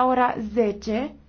la ora 10